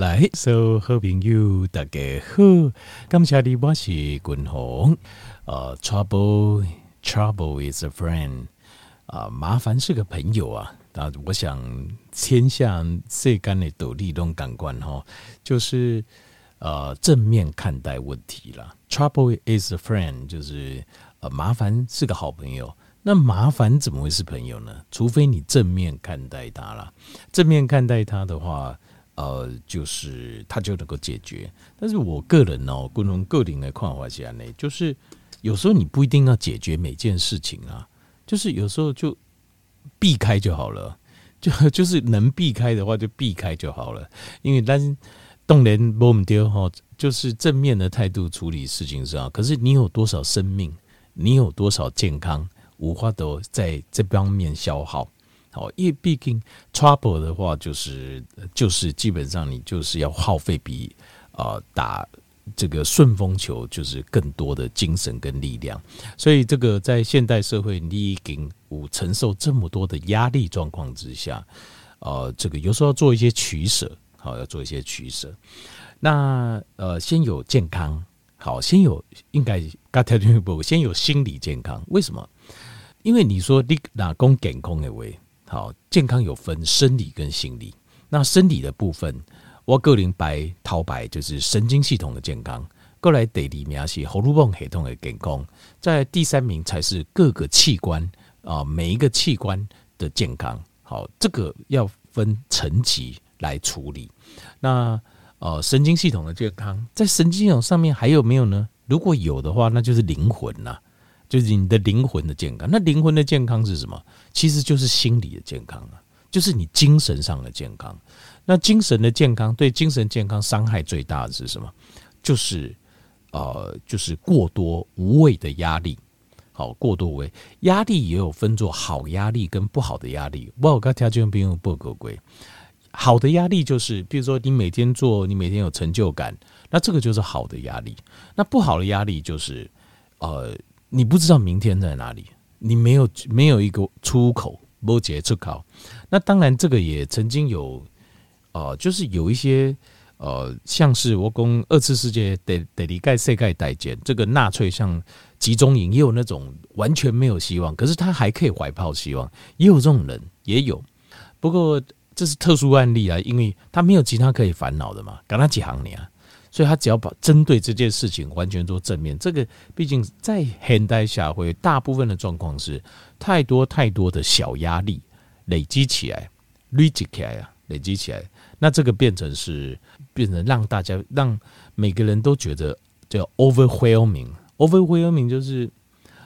來，所有好朋友，大家好。感謝你，我是俊鴻。啊、uh,，Trouble Trouble is a friend。啊，麻煩是個朋友啊。那我想，天下最干的鬥地主感官哈，就是呃，uh, 正面看待問題了。Trouble is a friend，就是呃，uh, 麻煩是個好朋友。那麻煩怎麼會是朋友呢？除非你正面看待他了。正面看待他的話。呃，就是他就能夠解決。但是我個人呢、喔，個人個人的看法下呢，就是有時候你不一定要解決每件事情啊，就是有時候就避開就好了，就就是能避開的話就避開就好了。因為但是動聯 boom 哈，就是正面的態度處理事情是啊。可是你有多少生命，你有多少健康，無法都在這方面消耗。哦，因為畢竟 trouble 的話，就是就是基本上你就是要耗費比呃打這個順風球就是更多的精神跟力量，所以這個在現代社會你已經，五承受這麼多的壓力狀況之下，呃，這個有時候要做一些取舍，好、哦，要做一些取舍。那呃，先有健康，好，先有應該 get trouble 先有心理健康。為什麼？因為你說你打工健康的位？好，健康有分生理跟心理。那生理的部分，我個人白、陶白就是神經系統的健康。過來第二名是荷爾蒙系統的健康，在第三名才是各個器官啊，每一個器官的健康。好，這個要分層級來處理。那呃，神經系統的健康，在神經系統上面還有沒有呢？如果有的話，那就是靈魂吶、啊。就是你的靈魂的健康，那靈魂的健康是什麼？其實就是心理的健康啊，就是你精神上的健康。那精神的健康對精神健康傷害最大的是什麼？就是呃，就是過多無謂的壓力。好，過多無謂壓力也有分做好壓力跟不好的壓力。不，我剛提到就不用布格龜。好的壓力就是，比如說你每天做，你每天有成就感，那這個就是好的壓力。那不好的壓力就是呃。你不知道明天在哪裡，你沒有沒有一個出口，沒有結束口。那當然，這個也曾經有，哦、呃，就是有一些呃，像是我講二次世界得得離開世界待見，這個納粹像集中營也有那種完全沒有希望，可是他還可以懷抱希望，也有這種人，也有。不過這是特殊案例啊，因為他沒有其他可以煩惱的嘛，幹他講行啊。所以，他只要把針對這件事情完全做正面。這個畢竟在現代社會，大部分的狀況是太多太多的小壓力累積起來，累積起來啊，累積起來。那這個變成是變成讓大家讓每個人都覺得叫 overwhelming，overwhelming 就是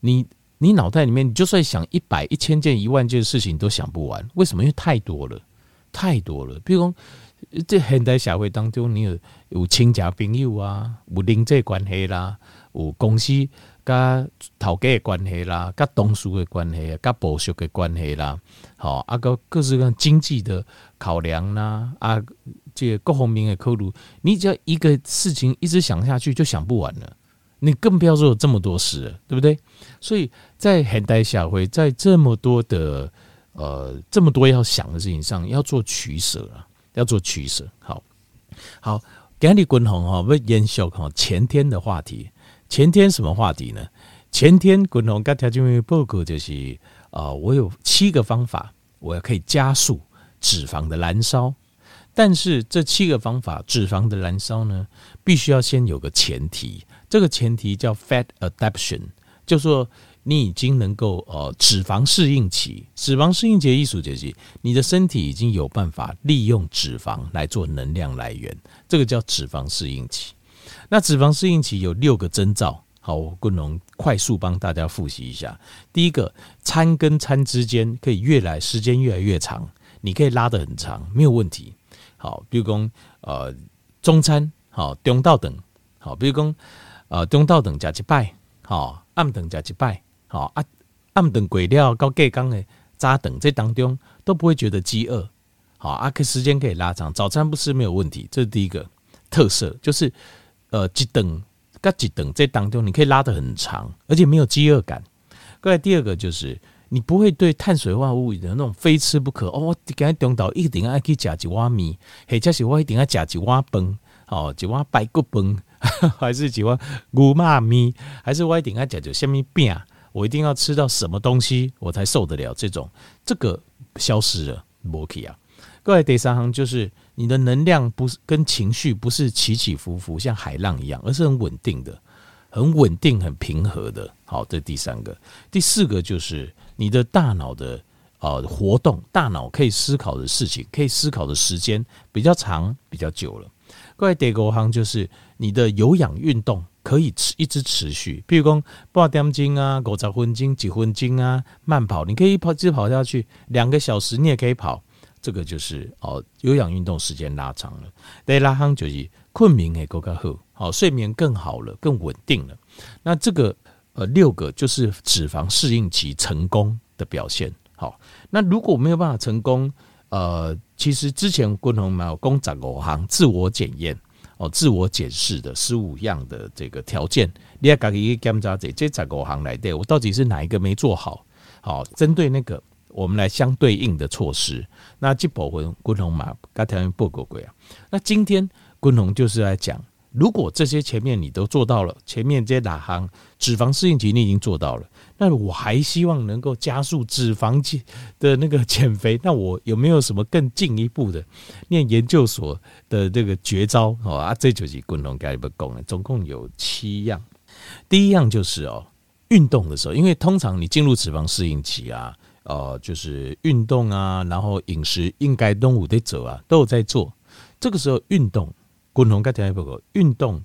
你你腦袋裡面，你就算想一百、一千件、一萬件事情，都想不完。為什麼？因為太多了，太多了。比如說，即現代社會當中，你有有親戚朋友啊，有人際關係啦、啊，有公司、跟頭家的關係啦、啊、跟同事的關係、啊、跟部屬的關係啦，好啊，個各式各樣經濟的考量啦，啊，這各方面的考慮，你只要一個事情一直想下去，就想不完了。你更不要說有這麼多事了，對不對？所以在現代社會，在這麼多的呃這麼多要想的事情上，要做取捨啊。要做取捨，好好。給你滾紅哈，不煙消哈。前天的話題，前天什麼話題呢？前天滾紅剛報告就是啊、呃，我有七個方法，我可以加速脂肪的燃燒，但是這七個方法脂肪的燃燒呢，必須要先有個前提，這個前提叫 Fat Adaption，就是說。你已經能夠呃，脂肪適應期，脂肪適應期的意思就是，你的身體已經有辦法利用脂肪來做能量來源，這個叫脂肪適應期。那脂肪適應期有六個徵兆，好，我不能快速幫大家複習一下。第一個，餐跟餐之間可以越來時間越來越長，你可以拉得很長，沒有問題。好，比如說呃中餐，好中道等，好，比如說呃中道等加幾拜，好暗等加幾拜。吼、哦，啊，暗頓過了到隔天的早頓，這當中都不會覺得飢餓。好啊，可時間可以拉長，早餐不吃沒有問題。這是第一個特色，就是呃一頓噶一頓，這當中你可以拉得很長，而且沒有飢餓感。過來第二個就是你不會對碳水化合物的那種非吃不可哦。我今天中晝一定要去吃一碗麵，或者是我一定要吃一碗飯吼、哦，一碗排骨飯， 還是一碗牛肉麵，還是我一定要吃啥物餅。我一定要吃到什麼東西，我才受得了這種這個消失了，摩羯啊！各位第三行就是你的能量不是跟情緒不是起起伏伏像海浪一樣，而是很穩定的，很穩定、很平和的。好，這第三個、第四個就是你的大腦的呃活動，大腦可以思考的事情，可以思考的時間比較長、比較久了。各位第五行就是你的有氧運動。可以持，一直持續，譬如講八點鐘啊，九十分鐘幾分鐘啊，慢跑，你可以跑，一直跑下去，兩個小時你也可以跑，這個就是哦有氧運動時間拉長了。第二啦，就是困眠也更加好，好，睡眠更好了，更穩定了。那這個呃六個就是脂肪適應期成功的表現。好，那如果沒有辦法成功，呃，其實之前共同有工廠行自我檢驗。哦，自我檢視的十五樣的這個條件，你要自己去檢查一下這十五項裡面，我到底是哪一個沒做好？好，針對那個，我們來相對應的措施。那這部分昆龍嘛，剛才報告過了。那今天昆龍就是來講，如果這些前面你都做到了，前面這些哪行脂肪適應期你已經做到了。那我還希望能夠加速脂肪減的那個減肥，那我有沒有什麼更進一步的念研究所的這個絕招？哦啊，這就是滾龍該不共的，總共有七樣。第一樣就是哦，運動的時候，因為通常你進入脂肪適應期啊，哦，就是運動啊，然後飲食應該動物的走啊，都有在做、啊。這個時候運動滾龍該聽不共，運動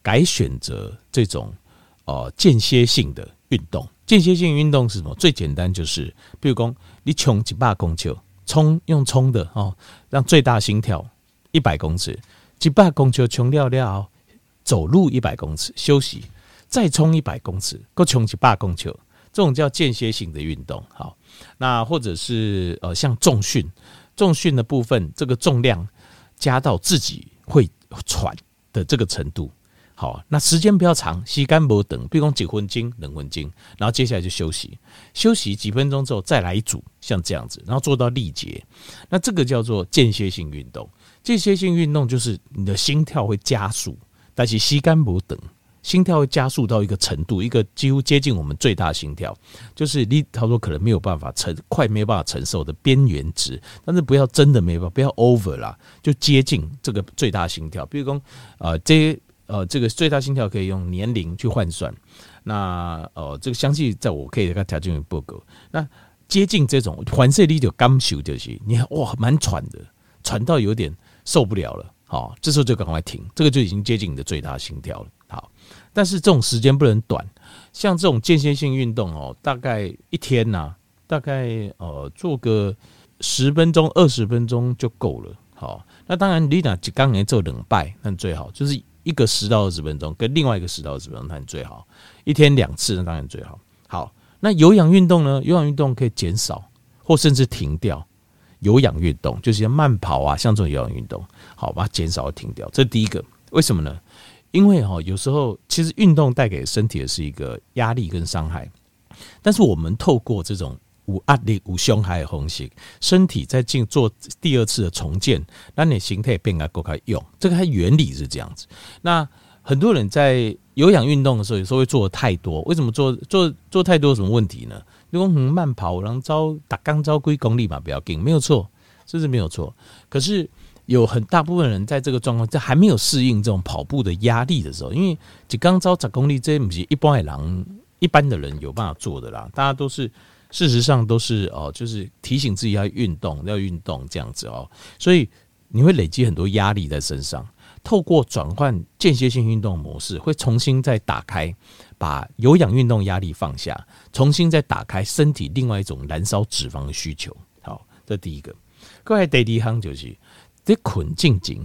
改選擇這種哦、呃、間歇性的運動。間歇性運動是什麼？最簡單就是，比如說你衝一百公尺，衝用衝的哦，讓最大心跳一百公尺，幾百公尺衝尿尿，走路一百公尺，休息，再衝一百公尺，夠衝幾百公尺，這種叫間歇性的運動。好，那或者是呃，像重訓，重訓的部分，這個重量加到自己會喘的這個程度。好、啊，那時間比較長，時間不等，比如說幾分鐘、兩分鐘，然後接下來就休息，休息幾分鐘之後再來一組，像這樣子，然後做到力竭，那這個叫做間歇性運動。間歇性運動就是你的心跳會加速，但是時間不等，心跳會加速到一個程度，一個幾乎接近我們最大心跳，就是你，他說可能沒有辦法承快，沒有辦法承受的邊緣值，但是不要真的沒辦法，不要 over 啦，就接近這個最大心跳。比如說啊、呃，這。呃，這個最大心跳可以用年齡去換算那。那呃，這個相信在我可以給他調整一個表格，那接近這種，環射力就剛休就是，你看哇蠻喘的，喘到有點受不了了。好、哦，這時候就趕快停，這個就已經接近你的最大心跳了。好，但是這種時間不能短，像這種間歇性運動哦，大概一天吶、啊，大概呃做個十分鐘、二十分鐘就夠了。好，那當然你 a 幾剛來做冷拜，那最好就是。一個十到二十分鐘，跟另外一個十到二十分鐘，那很最好。一天兩次，那當然最好。好，那有氧運動呢？有氧運動可以減少或甚至停掉。有氧運動就是要慢跑啊，像這種有氧運動，好，把它減少停掉。這第一個，為什麼呢？因為哈，有時候其實運動帶給身體的是一個壓力跟傷害，但是我們透過這種。無壓力，無傷害的紅心身體在進做第二次的重建，讓你的形態變得更快用。這個它原理是這樣子。那很多人在有氧運動的時候，有時候會做的太多。為什麼做做做太多有什麼問題呢？如果很慢跑，然後招打鋼招規功力嘛比較緊，沒有錯，是不是？沒有錯。可是有很大部分人在這個狀況，在還沒有適應這種跑步的壓力的時候，因為這剛招十公里，這不是一般的人，一般的人有辦法做的啦，大家都是。事實上都是哦，就是提醒自己要運動，要運動這樣子哦，所以你會累積很多壓力在身上。透過轉換間歇性運動模式，會重新再打開，把有氧運動壓力放下，重新再打開身體另外一種燃燒脂肪的需求。好，這第一個。各位第二行就是得捆靜靜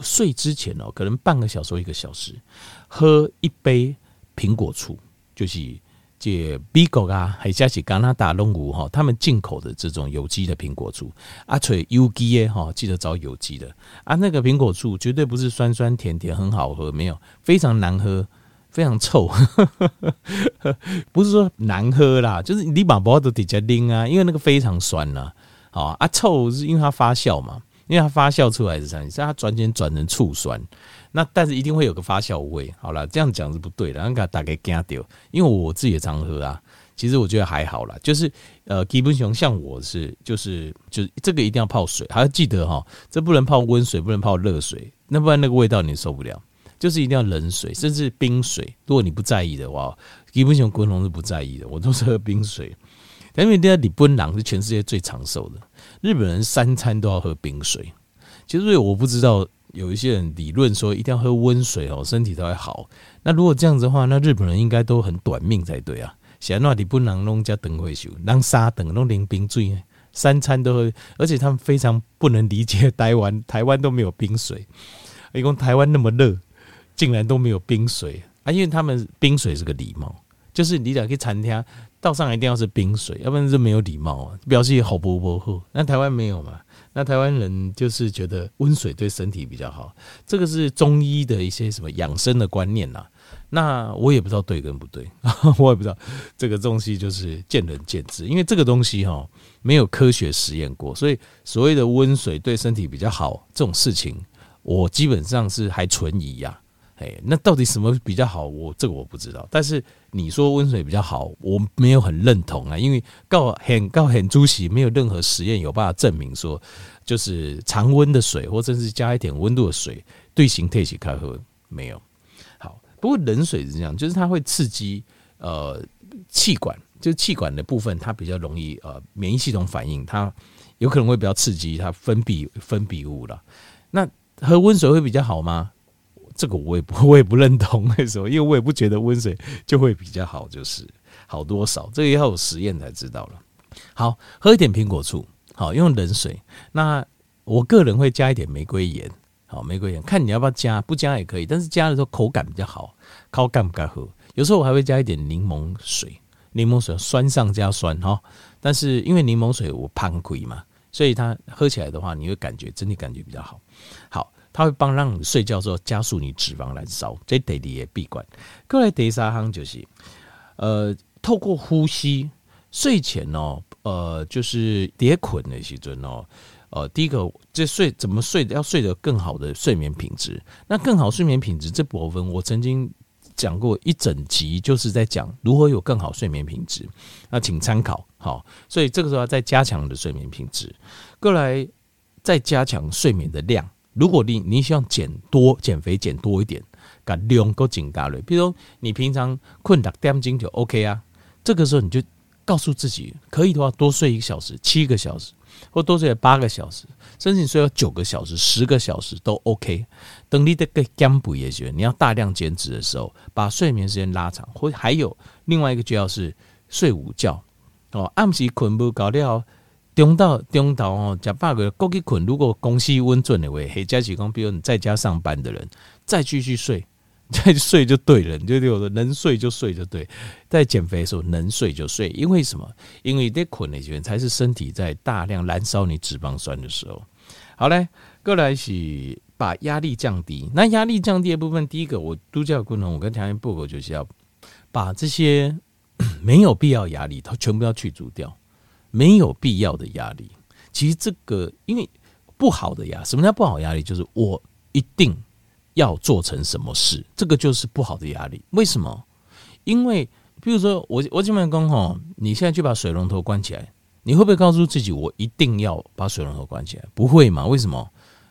睡之前哦，可能半個小時、一個小時，喝一杯蘋果醋就是。這美國啊，還加起加拿大農場哈，他們進口的這種有機的蘋果醋、啊，阿找有機的哈，記得找有機的。啊，那個蘋果醋絕對不是酸酸甜甜很好喝，沒有，非常難喝，非常臭。 不是說難喝啦，就是你把脖子底下拎啊，因為那個非常酸啦、啊、好，阿、啊、臭是因為它發酵嘛，因為它發酵出來是啥？是它轉鹼轉成醋酸。那但是一定會有個發酵味，好啦，這樣講是不對的。那給他打給丟，因為我自己也常喝啊。其實我覺得還好啦，就是呃，基本上像我是，就是就是這個一定要泡水，還要記得哈，這不能泡溫水，不能泡熱水，那不然那個味道你受不了。就是一定要冷水，甚至冰水。如果你不在意的話，基本上昆龍是不在意的，我都是喝冰水。因為人家日本人是全世界最長壽的，日本人三餐都要喝冰水。其實所以我不知道。有一些人理論說一定要喝溫水哦，身體才會好。那如果這樣子的話，那日本人應該都很短命才對啊！嫌那裡不能弄家等會修，弄殺等弄點冰水，三餐都喝。而且他們非常不能理解台灣。台灣都沒有冰水，一說台灣那麼熱，竟然都沒有冰水啊！因為他們冰水是個禮貌，就是你只要去餐廳倒上一定要是冰水，要不然就沒有禮貌啊，表示你好不好。那台灣沒有嘛？那台灣人就是覺得溫水對身體比較好，這個是中醫的一些什麼養生的觀念吶、啊。那我也不知道對跟不對， 我也不知道這個東西就是見仁見智，因為這個東西哈沒有科學實驗過，所以所謂的溫水對身體比較好這種事情，我基本上是還存疑呀、啊。哎，那到底什麼比較好？我這個我不知道。但是你說溫水比較好，我沒有很認同啊，因為告很告很粗席沒有任何實驗有辦法證明說，就是常溫的水或者是加一點溫度的水對形特起開喝，沒有。好，不過冷水是這樣，就是它會刺激呃氣管，就是氣管的部分它比較容易呃免疫系統反應，它有可能會比較刺激它分泌分泌物啦。那喝溫水會比較好嗎？這個我也不，我也不認同為什麼？因為我也不覺得溫水就會比較好，就是好多少，這個要有實驗才知道了。好，喝一點蘋果醋，好用冷水。那我個人會加一點玫瑰鹽，好玫瑰鹽，看你要不要加，不加也可以，但是加的時候口感比較好。靠，敢不敢喝？有時候我還會加一點檸檬水，檸檬水酸上加酸哈。但是因為檸檬水我怕苦嘛，所以它喝起來的話，你會感覺整體感覺比較好。好。它會幫讓你睡覺的時候加速你脂肪燃燒，這得你也閉關。過來第三項就是，呃，透過呼吸，睡前哦，呃，就是疊捆的時陣哦，呃，第一個這睡怎麼睡，要睡得更好的睡眠品質，那更好睡眠品質，這部分我曾經講過一整集，就是在講如何有更好睡眠品質，那請參考。好，所以這個時候要再加強你的睡眠品質，過來再加強睡眠的量。如果你你想減多減肥減多一點，把量夠減大嘞。比如說你平常困得點鐘就 OK 啊，這個時候你就告訴自己，可以的話多睡一個小時、七個小時，或多睡八個小時，甚至你睡到九個小時、十個小時都 OK。等你肥的個減肥也行，你要大量減脂的時候，把睡眠時間拉長。或還有另外一個，就要是睡午覺哦，按時困不著覺。中到中到哦，假八個過去困。如果公司溫存的位，或者是講比如你在家上班的人，再繼續睡，再睡就對了。你就對我說，能睡就睡就對。在減肥的時候，能睡就睡。因為什麼？因為得困的時，才是身體在大量燃燒你脂肪酸的時候。好嘞，過來是把壓力降低。那壓力降低的部分，第一個我都叫功能，我跟條件布偶就是要把這些沒有必要壓力，都全部要去除掉。沒有必要的壓力，其實這個因為不好的壓，什麼叫不好壓力？就是我一定要做成什麼事，這個就是不好的壓力。為什麼？因為比如說我我這邊講吼，你現在去把水龍頭關起來，你會不會告訴自己我一定要把水龍頭關起來？不會嘛？為什麼？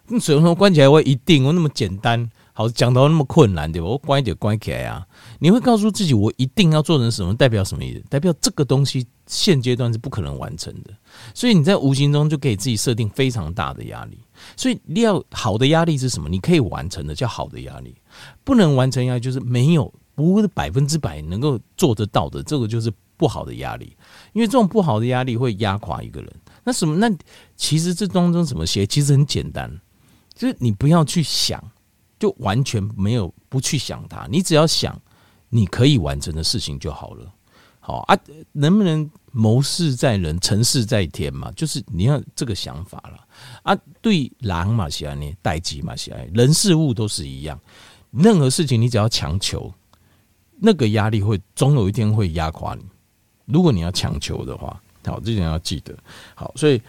那水龍頭關起來我一定我那麼簡單？好，講到那麼困難，對吧？我乖一點，乖一點啊！你會告訴自己，我一定要做成什麼，代表什麼意思？代表這個東西現階段是不可能完成的，所以你在無形中就給自己設定非常大的壓力。所以，你要好的壓力是什麼？你可以完成的叫好的壓力，不能完成壓力就是沒有，不會百分之百能夠做得到的，這個就是不好的壓力。因為這種不好的壓力會壓垮一個人。那什麼？那其實這當中怎麼寫？其實很簡單，就是你不要去想。就完全沒有不去想它，你只要想你可以完成的事情就好了。好啊，能不能謀事在人，成事在天嘛？就是你要這個想法了啊。對狼嘛，喜愛你待機嘛，喜愛人事物都是一樣。任何事情你只要強求，那個壓力會總有一天會壓垮你。如果你要強求的話，好，這點要記得。好，所以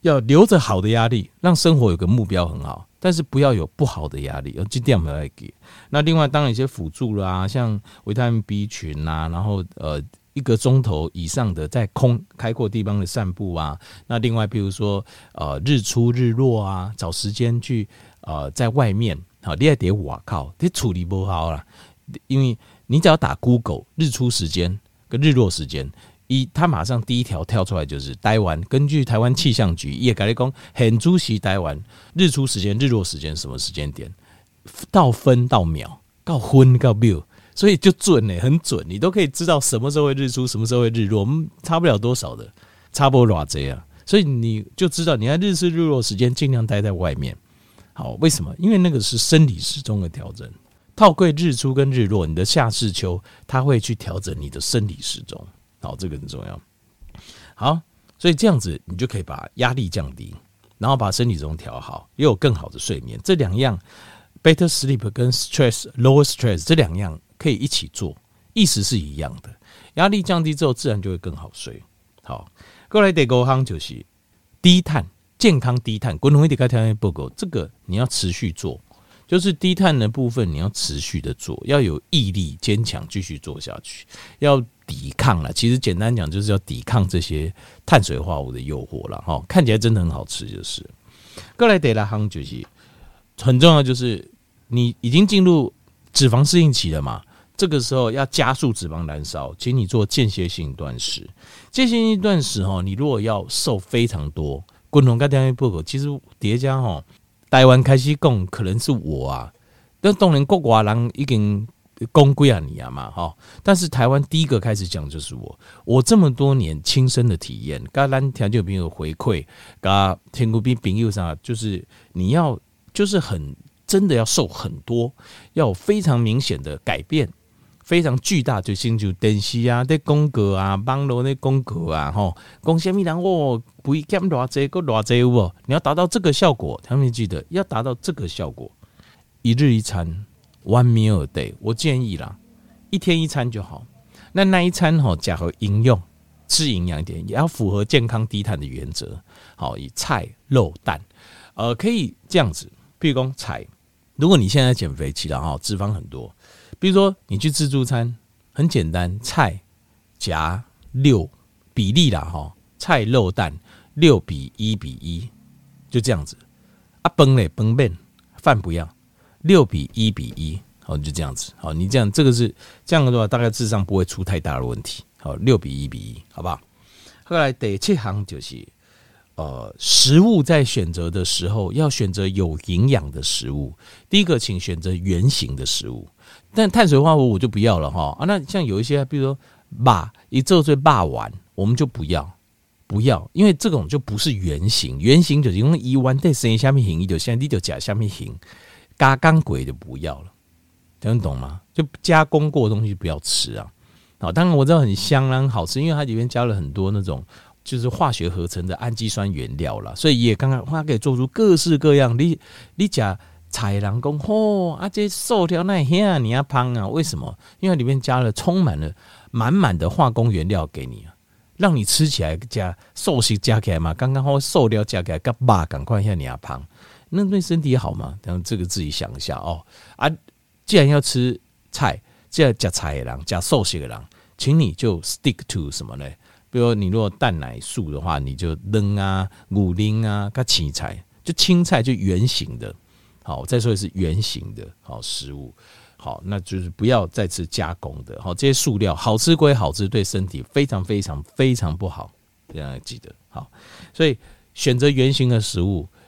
要留着好的壓力，讓生活有個目標，很好。但是不要有不好的壓力，而今天我們要給。那另外，當然一些輔助啦，像維他命 B 群啊，然後呃，一個鐘頭以上的在空開闊地方的散步啊。那另外，譬如說呃，日出日落啊，找時間去呃在外面好。你也得，我靠，你處理不好啦、啊，因為你只要打 Google 日出時間跟日落時間。一，他馬上第一條跳出來就是台灣。根據台灣氣象局也跟你講，很準時。台灣日出時間、日落時間什麼時間點到分到秒到分到秒，所以就準了，很準。你都可以知道什麼時候會日出，什麼時候會日落，我們差不了多少的，差不了多少、啊、所以你就知道，你在日出日落時間儘量待在外面。好，為什麼？因為那個是生理時鐘的調整。套櫃日出跟日落，你的下視丘，它會去調整你的生理時鐘。好，這個很重要。好，所以這樣子你就可以把壓力降低，然後把身體中調好，又有更好的睡眠。這兩樣，better sleep 跟 stress lower stress 這兩樣可以一起做，意思是一樣的。壓力降低之後，自然就會更好睡。好，過來第二個就是低碳健康，低碳。滾桶會得開條件不夠，這個你要持續做，就是低碳的部分你要持續的做，要有毅力、堅強，繼續做下去。要。抵抗了，其實簡單講就是要抵抗這些碳水化合物的誘惑了哈、喔。看起來真的很好吃，就是。再來第六項就是很重要，就是你已經進入脂肪適應期了嘛。這個時候要加速脂肪燃燒，請你做間歇性斷食。間歇性斷食哈、喔，你如果要瘦非常多，滾龍跟台灣不苟，其實疊加哈，台灣開始講，可能是我啊。那當然國外人已經。公歸啊，你啊嘛，哈！但是台灣第一個開始講就是我，我這麼多年親身的體驗，剛剛天久朋友回饋，剛剛聽過久朋友啥，就是你要就是很真的要瘦很多，要有非常明顯的改變，非常巨大，就清、是、就電視啊、的公格啊、網絡的公格啊，吼。公蝦米人我不會減偌濟個偌濟，我你要達到這個效果，他們記得要達到這個效果，一日一餐。One meal a day，我建議啦，一天一餐就好。那那一餐吼，假如營養，吃營養一點，也要符合健康低碳的原則。好，以菜肉蛋，呃，可以這樣子，譬如講菜。如果你現在減肥期了哈，脂肪很多，比如說你去自助餐，很簡單，菜夾六比例啦哈、哦，菜肉蛋六比一比一，/1 /1, 就這樣子。啊飯飯，崩嘞崩面飯不要。六比一比一，好，你就這樣子，好，你這樣，這個是這樣的話，大概智商不會出太大的問題。好，六比一比一，好不好？後來第七項就是，呃，食物在選擇的時候要選擇有營養的食物。第一個，請選擇圓形的食物。但碳水化合物我就不要了哈啊。那像有一些，比如說霸，一做做霸丸，我們就不要，不要，因為這種就不是圓形。圓形就是因為一彎帶成下面形，一條線一就甲下面行。你就加工的不要了，聽懂嗎？就加工過的東西不要吃啊！好，當然我知道很香很好吃，因為它裡面加了很多那種就是化學合成的氨基酸原料啦。所以也剛剛它可以做出各式各樣。你你講彩蘭公吼啊，這素條那黑啊，你要胖啊？為什麼？因為它裡面加了充滿了滿滿的化工原料給你啊，讓你吃起來加素食加起來嘛，剛剛好素條加起來跟肉趕快讓你胖。那對身體好嗎？然後這個自己想一下哦。啊，既然要吃菜，就要加菜的人，加素食的人。請你就 stick to 什麼呢？比如說你如果蛋奶素的話，你就扔啊、牛奶啊、加青菜，就青菜就原型的。好，我再說一次，原型的好食物。好，那就是不要再吃加工的。好，這些素料好吃歸好吃，對身體非常非常非常不好，這樣要記得好。所以選擇原型的食物。